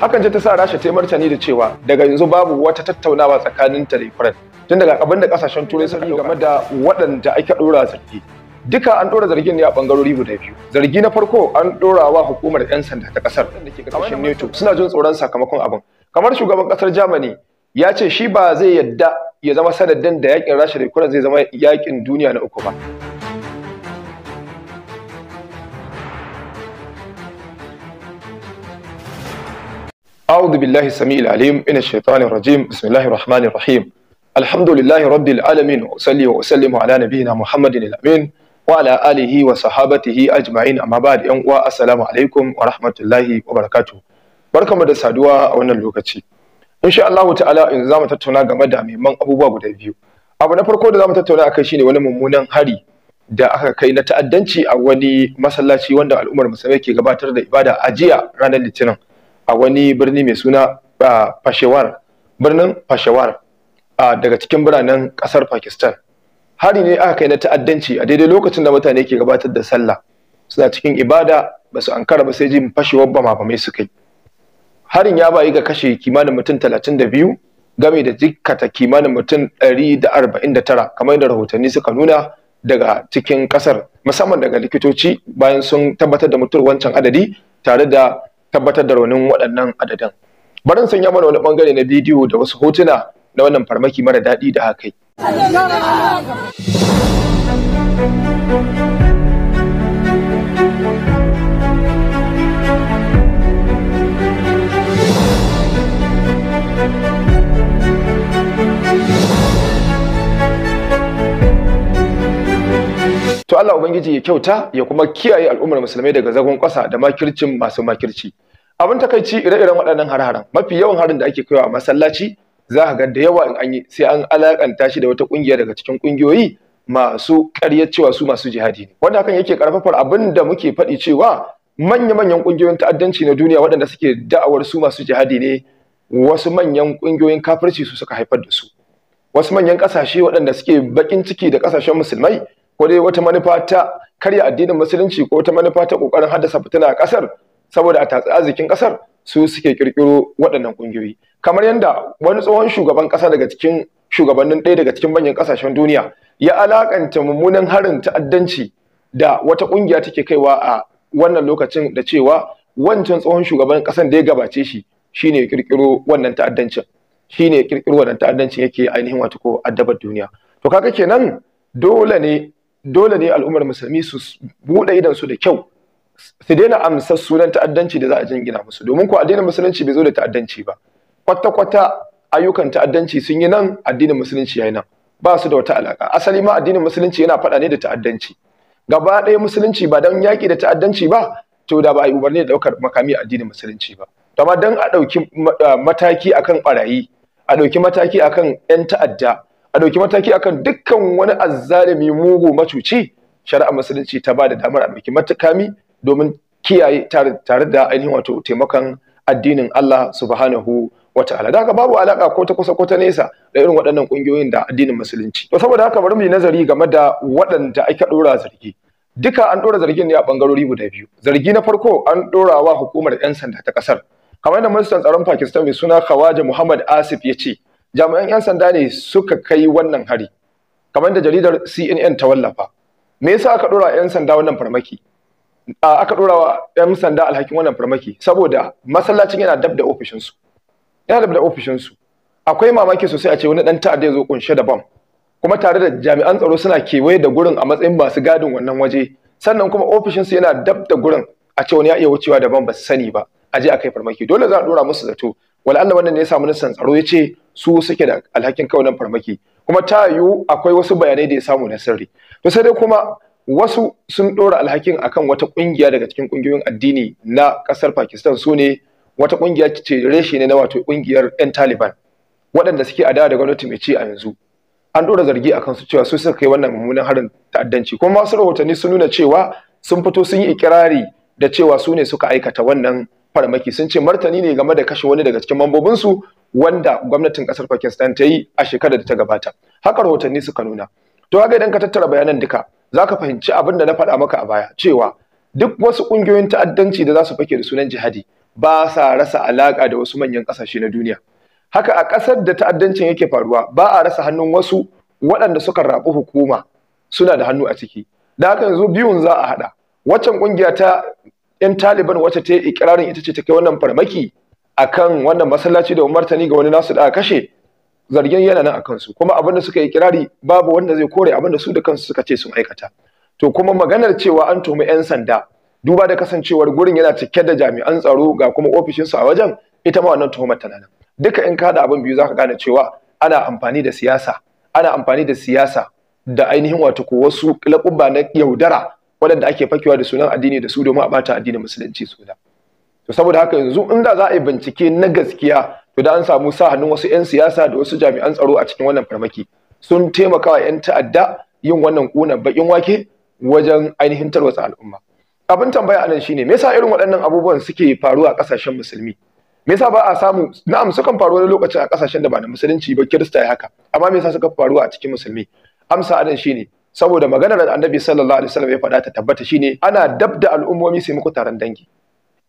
hakan ce ta sa rasha ta martani da cewa daga yanzu babu wata tattaunawa tsakanin ta da ukraine tun daga abin da kasashen turai suka game da waɗanda ake ɗora zargi duka an ɗora zargin ne a ɓangarori guda biyu zargi na farko an ɗora wa hukumar 'yan sanda ta ƙasar da NATO suna jin tsoron sakamakon abin kamar shugaban ƙasar germany ya ce shi ba zai yadda ya zama sanadin da yakin rasha da ukraine zai zama yakin duniya na uku ba أعوذ بالله السميع العليم من الشيطان الرجيم بسم الله الرحمن الرحيم الحمد لله رب العالمين وأصلي وأسلم على نبينا محمد الأمين وعلى آله وصحابته أجمعين أما بعد السلام عليكم ورحمة الله وبركاته barkamu da saduwa a wannan lokaci insha Allah ta'ala yanzu zamu tattauna game da muhimman abubuwa guda biyu abu na farko da zamu tattauna akai shine wani mummunan hari da aka kai na ta'addanci a wani masallaci wanda al'ummar musulmai ke gabatar da ibada a jiya ranar litinin a wani birni mai suna Peshawar birnin Peshawar daga cikin biranen ƙasar Pakistan hari ne aka kai na ta'addanci a daidai lokacin da mutane ke gabatar da sallah suna cikin ibada ba su ankara ba sai jin fashewar bama ba mai suka yi harin ya bayi ga kashe kimanin mutum biyu game da jikata kimanin mutum da da arba'in tara, kamar yadda rahotanni suka nuna daga cikin ƙasar, musamman daga likitoci bayan sun tabbatar da mutuwar wancan adadi tare da tabbatar da raunin waɗannan adadin barin sun sanya mana wani bangare na bidiyo da wasu hotuna na wannan farmaki mara daɗi da haka yi. to Allah ubangiji ya kyauta ya kuma kiyaye al'ummar musulmai daga zagon kwasa da makircin masu makirci abin takaici ire-iren waɗannan har-haren mafi yawan harin da ake kaiwa a masallaci za ka ga da yawa in an yi sai an alakanta shi da wata ƙungiya daga cikin ƙungiyoyi masu ƙaryar cewa su masu jihadi ne wanda hakan yake karfafar abin da muke faɗi cewa manya-manyan ƙungiyoyin ta'addanci na duniya waɗanda suke da'awar su masu jihadi ne wasu manyan ƙungiyoyin kafirci su suka haifar da su wasu manyan ƙasashe waɗanda suke baƙin ciki da ƙasashen musulmai ko dai wata manufa ta karya addinin musulunci ko wata manufa ta kokarin haddasa fitina a kasar saboda a tatsi arzikin kasar su suke kirkiro waɗannan kungiyoyi kamar yadda wani tsohon shugaban kasa daga cikin shugabannin ɗaya daga cikin manyan kasashen duniya ya alakanta mummunan harin ta'addanci da wata kungiya take kaiwa a wannan lokacin da cewa wancan tsohon shugaban kasan da ya gabace shi shine ya kirkiro wannan ta'addancin shine ya kirkiro wannan ta'addancin yake ainihin wato ko addabar duniya to kaga kenan dole ne dole ne al'ummar musulmi su buɗe idan su da kyau su daina amsar sunan ta'addanci da za a jingina musu domin ko addinin musulunci bai zo da ta'addanci ba kwata-kwata ayyukan ta'addanci sun yi nan addinin musulunci yayi nan ba su da wata alaka asali ma addinin musulunci yana faɗa ne da ta'addanci gaba ɗaya musulunci ba don yaƙi da ta'addanci ba to da ba a yi umarni da ɗaukar makami addinin musulunci ba to amma don a ɗauki uh, mataki akan ɓarayi a ɗauki mataki akan 'yan ta'adda a dauki mataki akan dukkan wani azzalimi mugu macuci shari'ar musulunci ta bada damar a dauki matakami domin kiyaye tare da ainihin wato taimakon addinin Allah subhanahu wataala da haka babu alaka ko ta kusa ko ta nesa da irin waɗannan ƙungiyoyin da addinin musulunci to saboda haka bari mu nazari game da waɗanda ake ɗora zargi duka an ɗora zargin ne a ɓangarori guda biyu zargi na farko an ɗora wa hukumar 'yan sanda ta ƙasar kamar yadda ministan tsaron Pakistan mai suna Khawaja Muhammad Asif ya ce jami'an 'yan sanda ne suka kai wannan hari kamar da jaridar CNN ta wallafa me yasa aka dora 'yan sanda wannan farmaki aka dora wa 'yan sanda alhakin wannan farmaki saboda masallacin yana dab da ofishinsu yana dab da ofishinsu akwai mamaki sosai a ce wani dan ta'adda ya zo kunshe da bam kuma tare da jami'an tsaro suna kewaye da gurin a matsayin masu gadin wannan waje sannan kuma ofishinsu yana dab da gurin a ce wani ya iya wucewa daban ba su sani ba a je a kai farmaki dole za a dora musu zato wala'alla wannan ne ya samu nisan tsaro ya ce su suke da alhakin nan farmaki kuma ta yiwu akwai wasu bayanai da ya samu na sirri to sai dai kuma wasu sun ɗora alhakin akan wata kungiya daga cikin ƙungiyoyin addini na kasar Pakistan su ne wata ƙungiya ce reshe ne na wato ƙungiyar 'yan Taliban waɗanda suke adawa da gwamnati mai ci a yanzu an ɗora zargi akan su cewa su suka kai wannan mummunan harin ta'addanci kuma masu rahotanni sun nuna cewa sun fito sun yi ikirari da cewa su ne suka aikata wannan farmaki sun ce martani ne game da kashe wani daga cikin mambobinsu wanda gwamnatin kasar Pakistan ta yi a shekarar da ta gabata haka rahotanni suka nuna to haka idan ka tattara bayanan duka za ka fahimci abin da na faɗa maka a baya cewa duk wasu ƙungiyoyin ta'addanci da za su fake da sunan jihadi ba sa rasa alaƙa da wasu manyan ƙasashe na duniya haka a ƙasar da ta'addancin yake faruwa ba a rasa hannun wasu waɗanda suka raɓi hukuma suna da hannu a ciki da haka yanzu biyun za a haɗa waccan ƙungiya ta 'yan taliban wacce ta yi ikirarin ita ce ta kai wannan farmaki akan wannan masallaci da martani ga wani nasu da aka kashe zargin yana nan akan su kuma abin da suka yi kirari babu wanda zai kore abin da su da kansu suka ce sun aikata to kuma maganar cewa an tuhumi yan sanda duba da kasancewar gurin yana cike da jami'an tsaro ga kuma ofishin su a wajen ita ma wannan tuhumar tana nan duka in ka da abin biyu zaka gane cewa ana amfani da siyasa ana amfani da siyasa da ainihin wato ko wasu laƙuba na yaudara waɗanda ake fakewa da sunan addini da su domin a bata addinin musulunci suna to saboda haka yanzu in da za a yi bincike na gaskiya to da an samu sa hannun wasu 'yan siyasa da wasu jami'an tsaro a cikin wannan farmaki sun taimaka wa 'yan ta'adda yin wannan kuna bakin wake wajen ainihin tarwatsa al'umma abin tambaya anan shine me yasa irin waɗannan abubuwan suke faruwa a ƙasashen musulmi me yasa ba a samu na'am sukan faru wani lokaci a ƙasashen da ba na musulunci ba kirista ya haka amma me yasa suka faruwa a cikin musulmi amsa anan shine saboda maganar annabi sallallahu alaihi wasallam ya faɗa ta tabbata shine ana dabda al'ummomi sai muku taron dangi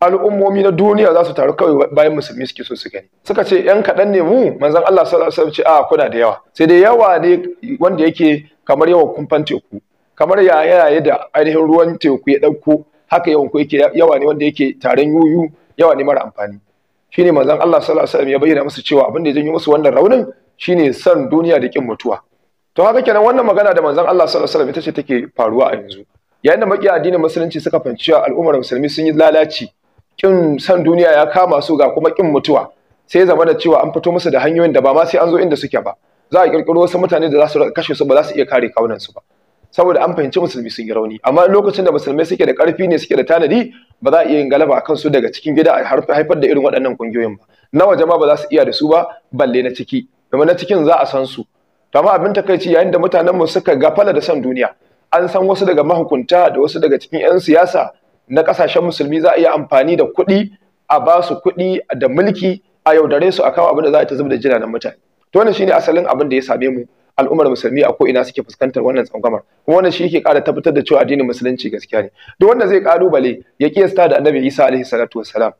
al'ummomi na duniya za su taru kawai bayan musulmi suke so su gani suka ce yan kaɗan ne mu manzon Allah sallallahu alaihi wasallam ce a kuna da yawa sai dai yawa ne wanda yake kamar yawan kumfan teku kamar yayaye da ainihin ruwan teku ya ɗauko haka yawan ku yake yawa ne wanda yake taron yuyu yawa ne mara amfani shine manzon Allah sallallahu alaihi wasallam ya bayyana musu cewa abin da ya janyo musu wannan raunin shine san duniya da kin mutuwa to haka kenan wannan magana da manzon Allah sallallahu alaihi wasallam ita ce take faruwa a yanzu yayin da makiya addinin musulunci suka fahimci cewa al'ummar musulmi sun yi lalaci kin san duniya ya kama su ga kuma kin mutuwa sai zama da cewa an fito musu da hanyoyin da ba ma sai an zo inda suke ba za a kirkiro wasu mutane da za su kashe su ba za su iya kare kawunan su ba saboda an fahimci musulmi sun yi rauni amma lokacin da musulmai suke da karfi ne suke da tanadi ba za a iya yin galaba akan su daga cikin gida a haifar da irin waɗannan kungiyoyin ba Nawa jama'a ba za su iya da su ba balle na ciki domin na cikin za a san su to amma abin takaici yayin da mutanenmu suka gafala da san duniya an san wasu daga mahukunta da wasu daga cikin 'yan siyasa na kasashen musulmi za a iya amfani da kuɗi a ba su kuɗi da mulki a yaudare su a kawo abin da za a ta zuba da jinanan mutane to wannan shine asalin abin da ya same mu al'ummar musulmi a ko'ina suke fuskantar wannan tsangwamar kuma wannan shi yake ƙara tabbatar da cewa addinin musulunci gaskiya ne To wanda zai kalubale ya kiyasta da annabi isa alaihi salatu wassalam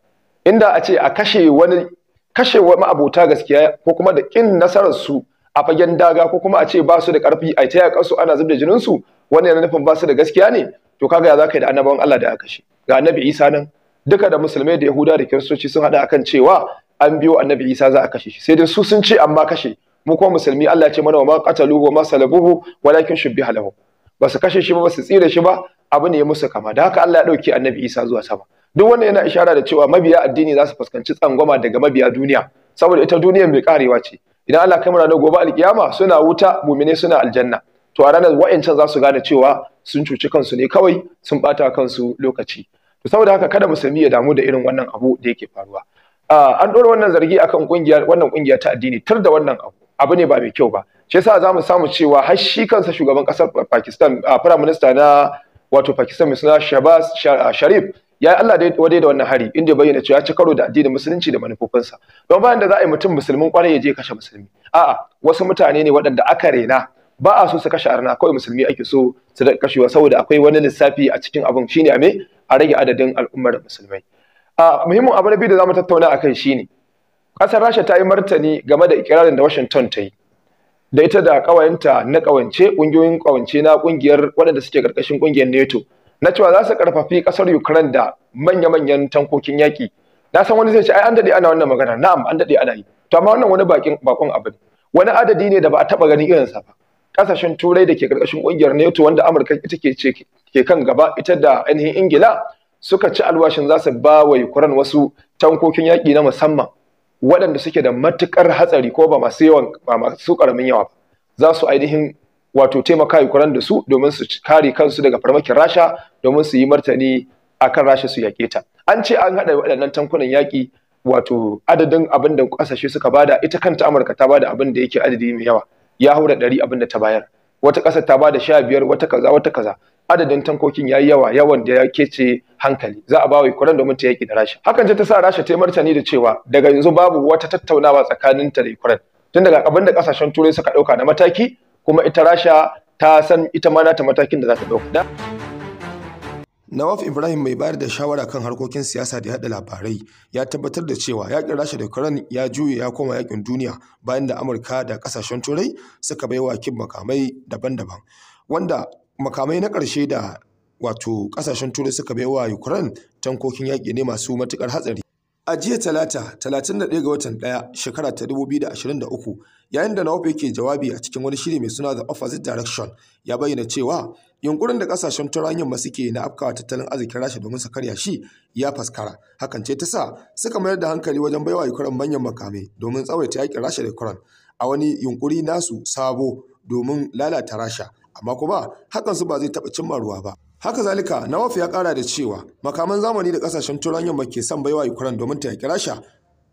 inda a ce a kashe wani kashe wa ma'abota gaskiya ko kuma da kin nasarar su a fagen daga ko kuma a ce ba su da karfi a ta yaƙar su ana zubda jinin su wannan yana nufin ba su da gaskiya ne to kaga ya za ka yi da annabawan Allah da aka shi ga annabi Isa nan duka da musulmai da yahuda da kiristoci sun haɗa akan cewa an biyo annabi Isa za a kashe shi sai dai su sun ce amma kashe mu kuma musulmi Allah ya ce mana wa ma qatalu wa ma salabuhu walakin shubbiha lahu ba su kashe shi ba ba su tsire shi ba abu ne ya musu kama da haka Allah ya dauki annabi Isa zuwa sama duk wannan yana ishara da cewa mabiya addini za su fuskanci tsangwama daga mabiya duniya saboda ita duniya mai karewa ce idan Allah kai mana gobe alkiyama suna wuta mumine suna aljanna to a ranar wa'ancan za su gane cewa sun cuci kansu ne kawai sun bata kansu lokaci to saboda haka kada musulmi ya damu da irin wannan abu da yake faruwa an ɗora wannan zargi akan kungiya wannan kungiya ta addini tar da wannan abu abu ne ba mai kyau ba shi yasa zamu samu cewa har shi kansa shugaban kasar Pakistan prime minister na wato Pakistan mai suna Shahbaz Sharif ya Allah dai wadai da wannan hari inda bayyana cewa ya ci karo da addinin musulunci da manufofinsa don bayan da za a yi mutum musulmin kwarai ya je kashe musulmi a'a wasu mutane ne waɗanda aka rena ba a so su kashe arna kawai musulmi ake so su da kashewa saboda akwai wani lissafi a cikin abin shine a me a rage adadin al'ummar musulmai a muhimmin abu na biyu da zamu tattauna akan shine kasar Rasha ta yi martani game da ikirarin da Washington ta yi da ita da kawayenta na kawance kungiyoyin kawance na kungiyar waɗanda suke karkashin kungiyar NATO na cewa za su karfafi kasar Ukraine da manya-manyan tankokin yaƙi na san wani zai ce ai an dade ana wannan magana na'am an dade ana yi to amma wannan wani bakin bakon abu wani adadi ne da ba a taba ganin irinsa ba kasashen turai da ke karkashin kungiyar NATO wanda Amurka ita ke ce ke kan gaba ita da ainihin Ingila suka ci alwashin za su ba wa Ukraine wasu tankokin yaƙi na musamman waɗanda suke da matuƙar hatsari ko ba masu yawan ba masu ƙaramin yawa za su ainihin wato taimaka Ukraine da su domin su kare kansu daga farmakin Rasha domin su yi martani akan Rasha su yaƙe ta an ce an haɗa waɗannan tankunan yaƙi wato adadin abin da ƙasashe suka bada ita kanta Amurka ta bada abin da yake adadi mai yawa ya haura ɗari abin da ta bayar wata ƙasa ta ba da sha biyar wata kaza wata kaza adadin tankokin ya yi yawa yawan da ya kece hankali za a ba wa Ukraine domin ta yaƙi da Rasha hakan ce ta sa Rasha ta yi martani da cewa daga yanzu babu wata tattaunawa tsakanin ta da Ukraine tun daga abin da ƙasashen turai suka ɗauka na mataki kuma ita Rasha ta san ita ma nata matakin da za ta ɗauka Nawaf Ibrahim mai bayar da shawara kan harkokin siyasa da yaɗa labarai ya tabbatar da cewa yakin Rasha da Ukraine ya juye ya koma yakin duniya bayan da Amurka da kasashen Turai suka bai wa kin makamai daban-daban wanda makamai na ƙarshe da wato kasashen Turai suka bai wa Ukraine tankokin yaƙi ne masu matukar hatsari. A jiya Talata, 31 ga watan 1 shekara ta 2023 Yayin da Nawafa ke jawabi a cikin wani shiri mai suna The Opposite Direction, ya bayyana cewa yunkurin da kasashen turan yamma suke na afkawa tattalin arzikin Rasha domin su karya shi ya faskara. Hakan ce ta sa suka mayar da hankali wajen baiwa Ukraine manyan makamai domin tsawaita yakin Rasha da Ukraine a wani yunkuri nasu sabo domin lalata Rasha. Amma kuma hakan su ba zai taɓa cimma ruwa ba. Haka zalika, Nawaf ya ƙara da cewa makaman zamani da ƙasashen Turan yamma ke son baiwa Ukraine domin ta yaki Rasha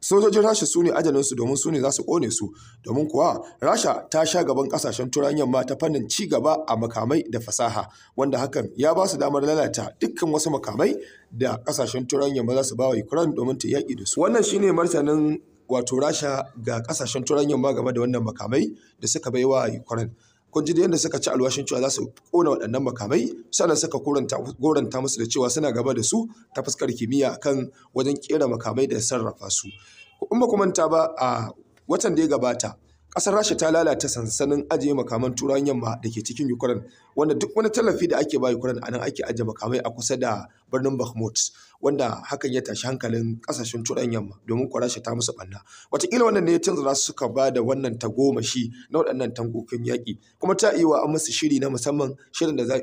sojojin rasha su ne ajalinsu domin su ne za su kone su domin kuwa rasha ta sha gaban kasashen turan yamma ta fannin ci gaba a makamai da fasaha wanda hakan ya ba su damar lalata dukkan wasu makamai da kasashen turan yamma za su ba wa ukraine domin ta yaƙi da su wannan shine martanin wato rasha ga kasashen turan yamma gaba da wannan makamai da suka bai wa ukraine kun ji da yadda suka ci alwashin cewa za su kona waɗannan makamai sannan suka goranta musu da cewa suna gaba da su ta fuskar kimiyya kan wajen kera makamai da sarrafa su in kuma manta ba a watan da ya gabata Ƙasar Rasha ta lalata sansanin ajiye makaman turan yamma da ke cikin Ukraine, wanda duk wani tallafi da ake ba Ukraine a nan ake ajiye makamai a kusa da birnin Bakhmut, wanda hakan ya tashi hankalin ƙasashen turan yamma domin kuwa Rasha ta musu ɓanna. Wataƙila wannan ne ya canza su suka ba da wannan tagomashi na waɗannan tankokin yaƙi, kuma ta iya wa an shiri na musamman shirin da zai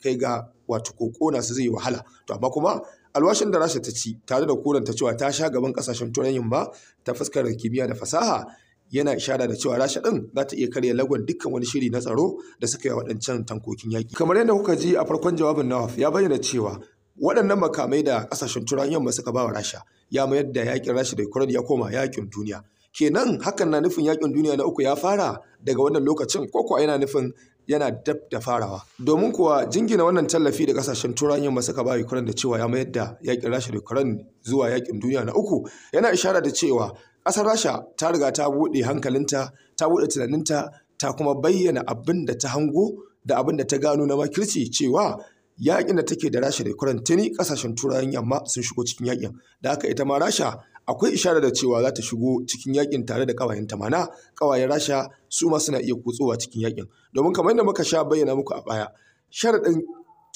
kai ga wato ko ƙona su zai yi wahala. To amma kuma alwashin da rasha ta ci tare da koranta cewa ta sha gaban kasashen turawan yamma ta fuskar kimiyya da fasaha yana ishara da cewa rasha din za ta iya karya lagon dukkan wani shiri na tsaro da suka yi waɗancan tankokin yaƙi kamar yadda kuka ji a farkon jawabin nawaf ya bayyana cewa waɗannan makamai da ƙasashen turan yamma suka ba wa rasha ya mayar da yaƙin rasha da ukraine ya koma yaƙin duniya kenan hakan na nufin yaƙin duniya na uku ya fara daga wannan lokacin ko kuwa yana nufin yana dab da farawa domin kuwa jingina wannan tallafi da kasashen turan yamma suka ba Ukraine da cewa ya mayar da yaƙin Rasha da Ukraine zuwa yaƙin duniya na uku yana ishara da cewa ƙasar rasha ta riga ta buɗe hankalinta ta buɗe tunaninta ta kuma bayyana abin da ta hango da abin da ta gano na makirci cewa yaƙin da take da rasha da ukraine tuni ƙasashen turawan yamma sun shigo cikin yaƙin da haka ita ma rasha akwai ishara da cewa za ta shigo cikin yaƙin tare da ta mana ƙawayen rasha su ma suna iya kutsowa cikin yaƙin domin kamar yadda muka sha bayyana muku a baya sharaɗin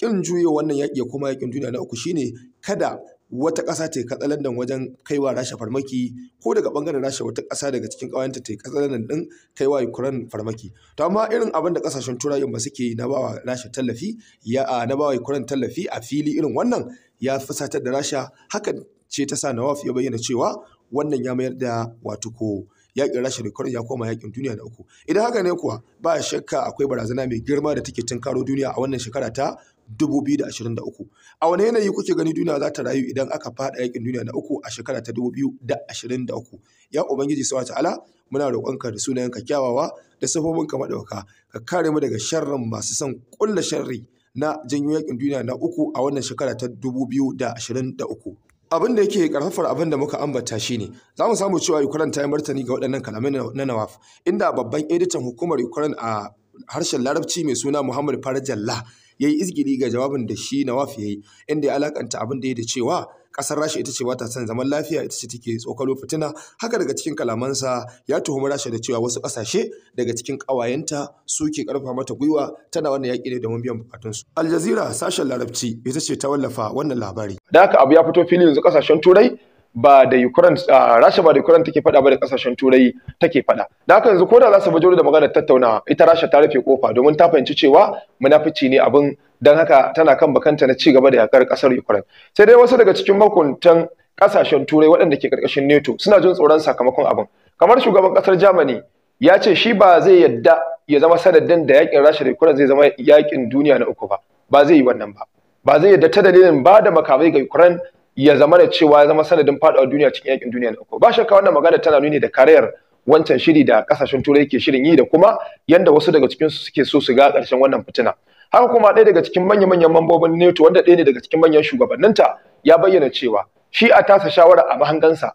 ƙin juya wannan yaƙi kuma yaƙin duniya na uku shine kada wata ƙasa ta yi katsalandan wajen kaiwa rasha farmaki ko daga ɓangaren rasha wata ƙasa daga cikin ƙawayenta ta yi katsalandan ɗin kaiwa ukraine farmaki to amma irin abin da ƙasashen turai ba suke na bawa rasha tallafi ya na bawa ukraine tallafi a fili irin wannan ya fusatar da rasha hakan ce ta sa nawaf ya bayyana cewa wannan ya mayar da wato ko yakin rashin da ya koma yakin duniya da uku idan haka ne kuwa ba shakka akwai barazana mai girma da take karo duniya a wannan shekara ta 2023 a wani yanayi kuke gani duniya za ta rayu idan aka fada yakin duniya na uku a shekara ta 2023 ya ubangiji sawa ta'ala muna roƙonka da ka kyawawa da ka maɗauka ka kare mu daga sharrin masu son ƙulla sharri na janyo yakin duniya na uku a wannan shekara ta 2023 abin da yake karfafar abin da muka ambata shine za mu samu cewa Ukraine ta yi martani ga waɗannan kalamai na Nawaf inda babban editan hukumar Ukraine a harshen Larabci mai suna Muhammad Farajallah ya yi izgiri ga jawabin da shi na wafi ya yi inda ya alakanta abin da ya da cewa ƙasar rasha ita ce ba ta son zaman lafiya ita ce take tsokalo fitina haka daga cikin kalamansa ya tuhumi rasha da cewa wasu kasashe daga cikin kawayenta suke ƙarfa mata gwiwa tana wannan yaƙi ne domin biyan su aljazira sashen larabci ita ce ta wallafa wannan labari da haka abu ya fito fili yanzu kasashen turai ba da Ukraine Rasha ba da Ukraine take faɗa ba da kasashen Turai take faɗa da haka yanzu ko da za su bajoro da maganar tattaunawa ita Rasha ta rufe kofa domin ta fahimci cewa munafici ne abin dan haka tana kan bakanta na ci gaba da yakar kasar Ukraine sai dai wasu daga cikin makuntan kasashen Turai waɗanda ke karkashin NATO suna jin tsoron sakamakon abin kamar shugaban kasar Germany ya ce shi ba zai yadda ya zama sanadin da yakin Rasha da Ukraine zai zama yakin duniya na uku ba ba zai yi wannan ba ba zai yadda ta dalilin ba da makamai ga Ukraine ya zama da cewa ya zama sanadin faɗawar duniya cikin yakin duniya na uku ba shakka wannan magana tana nuni da karayar wancan shiri da kasashen turai ke shirin yi da kuma yanda wasu daga cikin su suke so su ga ƙarshen wannan fitina haka kuma ɗaya daga cikin manya manyan mambobin NATO wanda ɗaya ne daga cikin manyan shugabanninta ya bayyana cewa shi a tasa shawara a mahangansa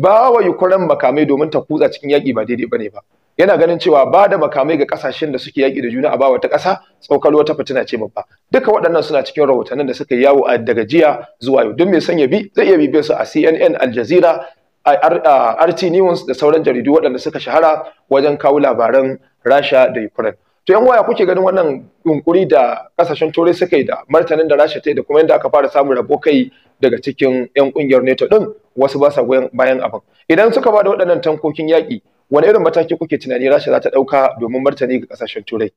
ba wa Ukraine makamai domin ta kutsa cikin yaki ba daidai bane ba yana ganin cewa ba da makamai ga kasashen da suke yaki da juna a bawa ta kasa tsaukar wata fitina ce babba duka waɗannan suna cikin rahotannin da suka yawo a daga jiya zuwa yau don mai sanya bi zai iya bibiyar su a CNN Al Jazeera RT News da sauran jaridu waɗanda suka shahara wajen kawo labaran Rasha da Ukraine to yan waya kuke ganin wannan yunkuri da kasashen turai suka yi da martanin da rasha ta yi da kuma yadda aka fara samun rabo kai daga cikin yan kungiyar NATO din wasu ba sa goyon bayan abin idan suka ba da waɗannan tankokin yaƙi wani irin mataki kuke tunani rasha za ta ɗauka domin martani ga kasashen turai